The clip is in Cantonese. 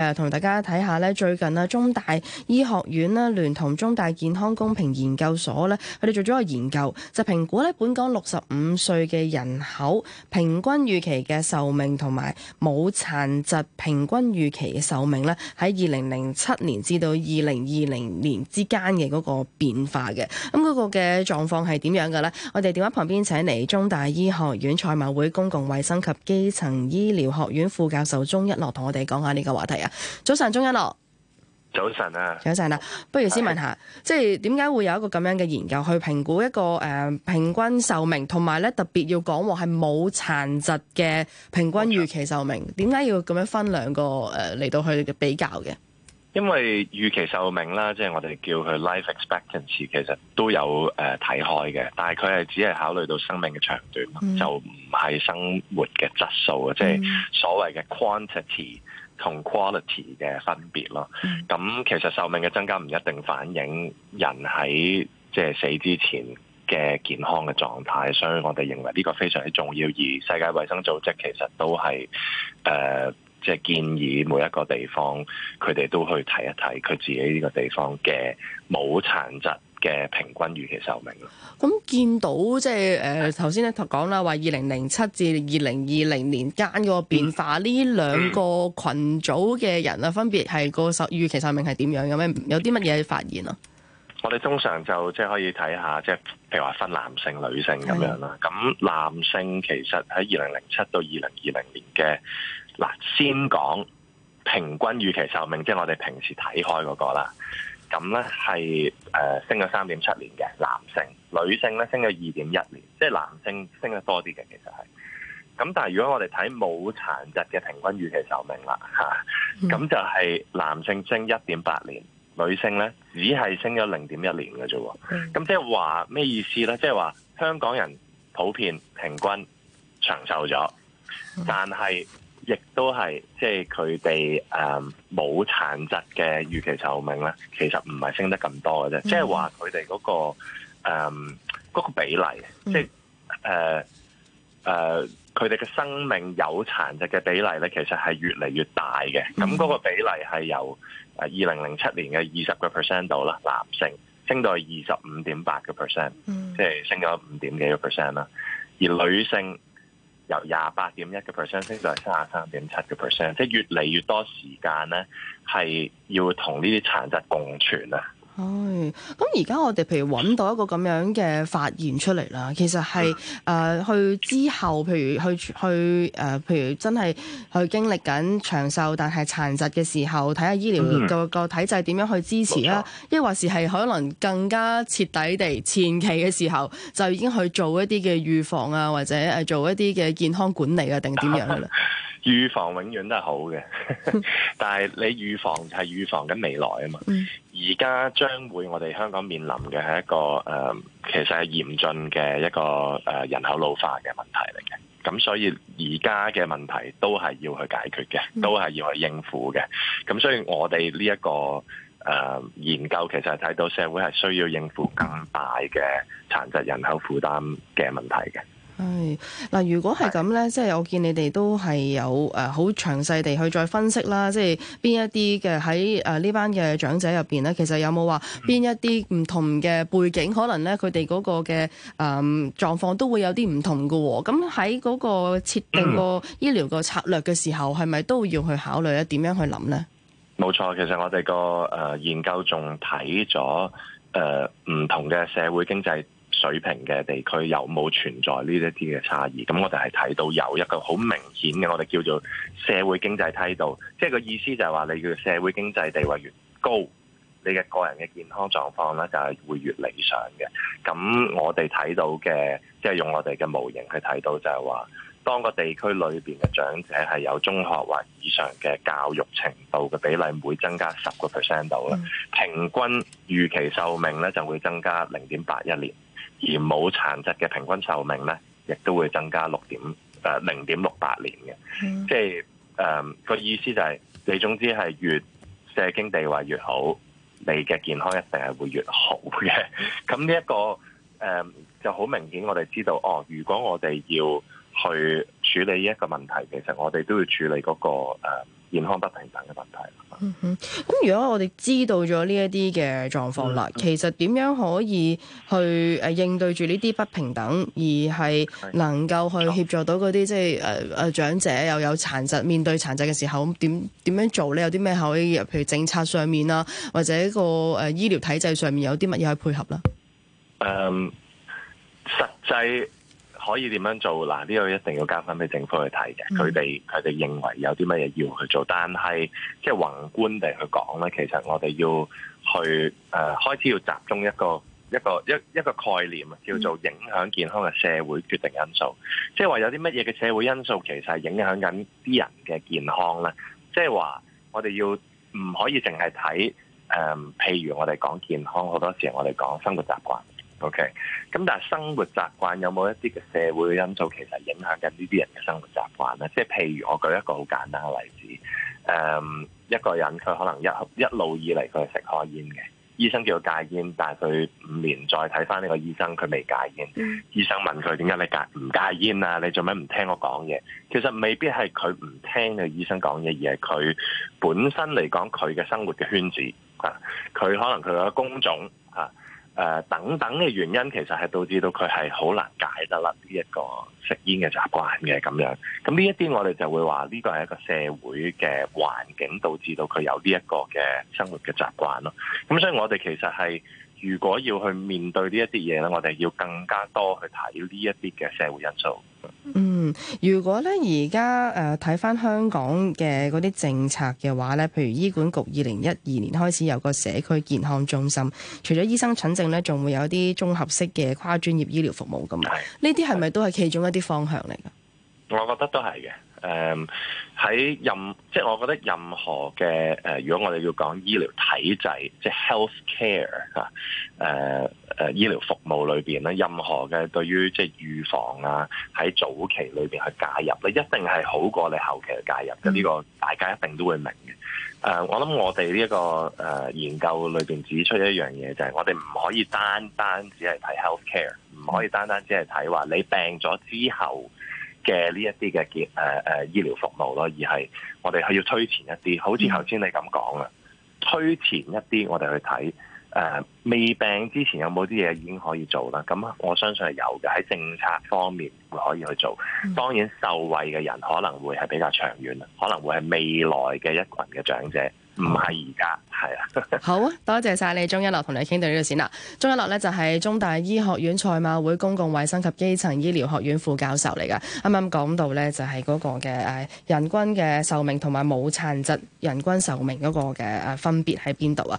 誒，同大家睇下咧，最近啊，中大醫學院咧，聯同中大健康公平研究所咧，佢哋做咗個研究，就評估咧，本港六十五歲嘅人口平均預期嘅壽命，同埋冇殘疾平均預期嘅壽命咧，喺二零零七年至到二零二零年之間嘅嗰個變化嘅。咁嗰個嘅狀況係點樣嘅咧？我哋電話旁邊請嚟中大醫學院賽馬會公共衛生及基層醫療學院副教授鍾一諾，同我哋講下呢個話題啊。早晨，鍾一諾。早晨啊，早晨啊，不如先問下，是即係點解會有一個咁樣嘅研究去評估一個誒、呃、平均壽命，同埋咧特別要講話係冇殘疾嘅平均預期壽命？點解、嗯、要咁樣分兩個誒嚟、呃、到去比較嘅？因為預期壽命啦，即係我哋叫佢 life expectancy，其實都有誒睇、呃、開嘅，但係佢係只係考慮到生命嘅長短，嗯、就唔係生活嘅質素啊，即係所謂嘅 quantity。同 quality 嘅分別咯，咁、mm. 其實壽命嘅增加唔一定反映人喺即係死之前嘅健康嘅狀態，所以我哋認為呢個非常之重要。而世界衞生組織其實都係誒，即、呃、係、就係、建議每一個地方佢哋都去睇一睇佢自己呢個地方嘅冇殘疾嘅平均預期壽命咁、嗯嗯、見到即係誒頭先咧講啦，話二零零七至二零二零年間個變化，呢兩、嗯、個群組嘅人啦，分別係個壽預期壽命係點樣嘅咩？有啲乜嘢發現啊？我哋通常就即係可以睇下，即係譬如話分男性、女性咁樣啦。咁的男性其實喺二零零七到二零二零年嘅嗱，先講平均預期壽命，即、就、係、是、我哋平時睇開嗰個啦。 咁咧係誒升咗三點七年嘅男性，女性咧升咗二點一年，即係男性升得多啲嘅其實係。咁但係如果我哋睇冇殘疾嘅平均預期壽命啦嚇，咁、啊、就係男性升一點八年，女性咧只係升咗零點一年嘅啫喎。咁即係話咩意思咧？即係話香港人普遍平均長壽咗，但係，亦都係即係佢哋誒冇殘疾嘅預期壽命咧，其實唔係升得咁多嘅啫，嗯、即係話佢哋嗰個誒、呃嗰個、比例，即係誒誒佢哋嘅生命有殘疾嘅比例咧，其實係越嚟越大嘅。咁嗰個比例係由誒二零零七年嘅二十個 percent 到啦，男性升到係二十五點八個 percent，即係升咗五點幾個 percent 啦，而女性。由廿八點一個 percent 升到係三十三點七個 percent，即係越嚟越多時間咧係要同呢啲殘疾共存啊！唉，咁而家我哋譬如揾到一個咁樣嘅發現出嚟啦，其實係誒、呃、去之後，譬如去去誒、呃，譬如真係去經歷緊長壽但係殘疾嘅時候，睇下醫療、嗯、個個體制點樣去支持啦，抑冇錯或是係可能更加徹底地前期嘅時候就已經去做一啲嘅預防啊，或者誒做一啲嘅健康管理啊，定點樣去啦？ 預防永遠都係好嘅， 但係你預防係預防緊未來啊嘛。而家將會我哋香港面臨嘅係一個誒、呃，其實係嚴峻嘅一個誒人口老化嘅問題嚟嘅。咁所以而家嘅問題都係要去解決嘅，都係要去應付嘅。咁所以我哋呢一個誒、呃、研究其實係睇到社會係需要應付更大嘅殘疾人口負擔嘅問題嘅。係嗱、哎，如果係咁咧，是的 即係我見你哋都係有誒好、呃、詳細地去再分析啦，即係邊一啲嘅喺誒呢班嘅長者入邊咧，其實有冇話邊一啲唔同嘅背景，嗯、可能咧佢哋嗰個嘅誒、呃、狀況都會有啲唔同㗎喎、哦。咁喺嗰個設定個醫療個策略嘅時候，係咪、嗯、都要去考慮咧？點樣去諗咧？冇錯，其實我哋個誒研究仲睇咗誒唔同嘅社會經濟水平嘅地區有冇存在呢一啲嘅差異？咁我哋係睇到有一個好明顯嘅，我哋叫做社會經濟梯度，即係個意思就係話，你嘅社會經濟地位越高，你嘅個人嘅健康狀況咧就係會越理想嘅。咁我哋睇到嘅，即係用我哋嘅模型去睇到就係話，當個地區裏邊嘅長者係有中學或以上嘅教育程度嘅比例會增加十個 percent 度啦，平均預期壽命咧就會增加零點八一年。而冇殘疾嘅平均壽命咧，亦都會增加六點誒零點六八年嘅， 即係誒、呃、那個意思就係、是、你總之係越社經地位越好，你嘅健康一定係會越好嘅。咁呢一個誒、呃、就好明顯，我哋知道哦。如果我哋要去處理呢一個問題，其實我哋都要處理嗰、那個、嗯、健康不平等嘅問題嗯哼，咁、嗯、如果我哋知道咗呢一啲嘅狀況啦，嗯、其實點樣可以去誒應對住呢啲不平等，而係能夠去協助到嗰啲即係誒誒長者又有殘疾，面對殘疾嘅時候，點點樣、樣做咧？有啲咩可以，譬如政策上面啦，或者、這個誒、呃、醫療體制上面有啲乜嘢去配合啦？誒、嗯，實際。可以點樣做嗱？呢個一定要交翻俾政府去睇嘅，佢哋佢哋認為有啲乜嘢要去做，但係即係宏觀地去講咧，其實我哋要去誒、呃、開始要集中一個一個一個一個概念，叫做影響健康嘅社會決定因素，即係話有啲乜嘢嘅社會因素其實係影響緊啲人嘅健康咧。即係話我哋要唔可以淨係睇誒，譬如我哋講健康，好多時我哋講生活習慣。O.K. 咁但係生活習慣有冇一啲嘅社會因素其實影響緊呢啲人嘅生活習慣咧？即係譬如我舉一個好簡單嘅例子，誒、嗯，一個人佢可能一一路以嚟佢係食開煙嘅，醫生叫佢戒煙，但係佢五年再睇翻呢個醫生，佢未戒煙。醫生問佢點解你戒唔戒煙啊？你做咩唔聽我講嘢？其實未必係佢唔聽呢個醫生講嘢，而係佢本身嚟講佢嘅生活嘅圈子嚇，佢可能佢嘅工種嚇。誒、呃、等等嘅原因，其實係導致到佢係好難解得啦呢一個食煙嘅習慣嘅咁樣。咁呢一啲我哋就會話呢、這個係一個社會嘅環境導致到佢有呢一個嘅生活嘅習慣咯。咁所以我哋其實係如果要去面對呢一啲嘢咧，我哋要更加多去睇呢一啲嘅社會因素。嗯，如果咧而家誒睇返香港嘅嗰啲政策嘅話咧，譬如醫管局二零一二年開始有個社區健康中心，除咗醫生診症咧，仲會有啲綜合式嘅跨專業醫療服務噶嘛？呢啲係咪都係其中一啲方向嚟噶？我覺得都係嘅。誒喺、um, 任即係我覺得任何嘅誒、呃，如果我哋要講醫療體制，即係 health care 啊誒誒醫療服務裏邊咧，任何嘅對於即係預防啊，喺早期裏邊去介入，你一定係好過你後期去介入嘅呢、嗯、個，大家一定都會明嘅。誒、呃，我諗我哋呢一個誒、呃、研究裏邊指出一樣嘢，就係、是、我哋唔可以單單只係睇 health care，唔可以單單只係睇話你病咗之後。嘅呢一啲嘅健誒誒醫療服務咯，而係我哋去要推前一啲，好似頭先你咁講啊，嗯、推前一啲我哋去睇誒、呃、未病之前有冇啲嘢已經可以做啦。咁我相信係有嘅喺政策方面會可以去做，當然受惠嘅人可能會係比較長遠啦，可能會係未來嘅一群嘅長者。唔係而家，係啊！ 好啊，多謝晒你，鍾一諾同你傾到呢度先啦。鍾一諾呢，就係中大醫學院賽馬會公共衛生及基層醫療學院副教授嚟㗎。啱啱講到呢，就係嗰個嘅誒人均嘅壽命同埋冇殘疾人均壽命嗰個嘅誒分別喺邊度啊？